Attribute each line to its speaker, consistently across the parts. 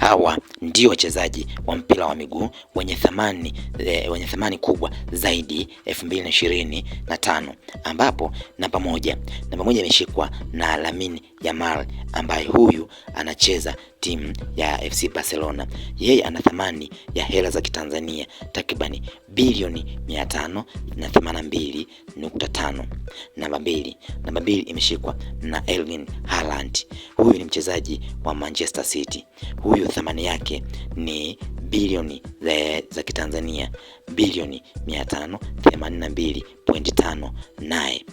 Speaker 1: Hawa ndio wachezaji wa mpira wa miguu wenye thamani e, wenye thamani kubwa zaidi 2025 ambapo namba moja namba moja imeshikwa na Lamine Yamal ambaye huyu anacheza timu ya FC Barcelona. Yeye ana thamani ya hela za Kitanzania takribani bilioni 582.5. Namba mbili namba mbili imeshikwa na Erling Haaland huyu mchezaji wa Manchester City. Huyu thamani yake ni bilioni za Kitanzania, bilioni 582.5 naye.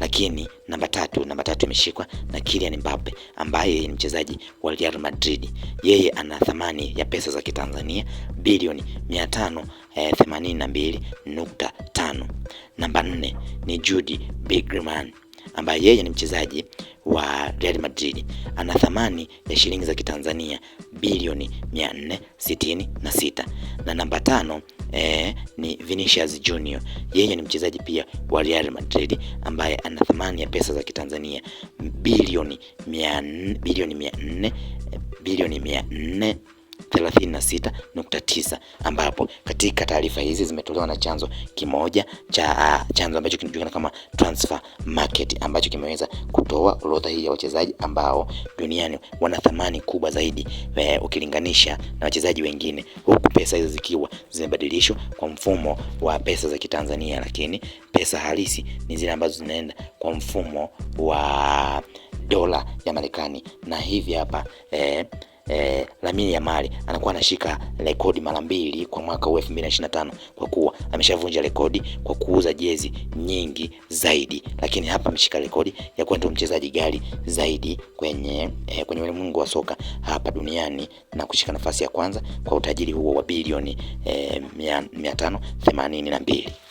Speaker 1: Lakini namba tatu, namba tatu imeshikwa na Kylian Mbappe ambaye ni mchezaji wa Real Madrid. Yeye ana thamani ya pesa za Kitanzania bilioni 582.5. Eh, namba nne ni Jude Bellingham ambaye yeye ni mchezaji wa Real Madrid ana thamani ya shilingi za Kitanzania bilioni 466, na namba tano e, ni Vinicius Junior. Yeye ni mchezaji pia wa Real Madrid ambaye ana thamani ya pesa za Kitanzania bilioni bilioni 400 bilioni 400 36.9 ambapo katika taarifa hizi zimetolewa na chanzo kimoja cha uh, chanzo ambacho kinajulikana kama Transfer Market ambacho kimeweza kutoa orodha hii ya wachezaji ambao duniani wana thamani kubwa zaidi e, ukilinganisha na wachezaji wengine, huku pesa hizo zikiwa zimebadilishwa kwa mfumo wa pesa za Kitanzania, lakini pesa halisi ni zile ambazo zinaenda kwa mfumo wa dola ya Marekani na hivi hapa eh, eh, Lamine Yamal anakuwa anashika rekodi mara mbili kwa mwaka huu 2025 kwa kuwa ameshavunja rekodi kwa kuuza jezi nyingi zaidi, lakini hapa ameshika rekodi ya kuwa ndio mchezaji gari zaidi kwenye eh, kwenye ulimwengu wa soka hapa duniani na kushika nafasi ya kwanza kwa utajiri huo wa bilioni eh, 582.